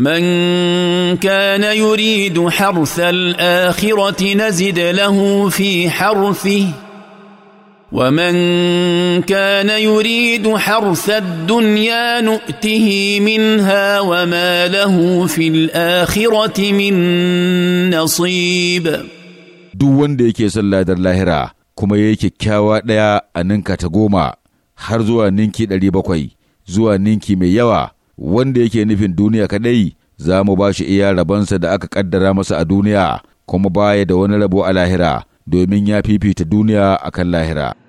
من كان يريد حرث الاخره نزد له في حرثه ومن كان يريد حرث الدنيا نؤته منها وما له في الاخره من نصيب duk wanda yake son ladar lahira kuma ya yi kyakkyawa ɗaya a ninka ta goma har zuwa ninki ɗari zuwa ninki mai yawa wanda yake nufin duniya kadai za mu ba shi iya rabonsa da aka kaddara masa a duniya kuma baya da wani rabo a lahira domin ya fifita duniya a kan lahira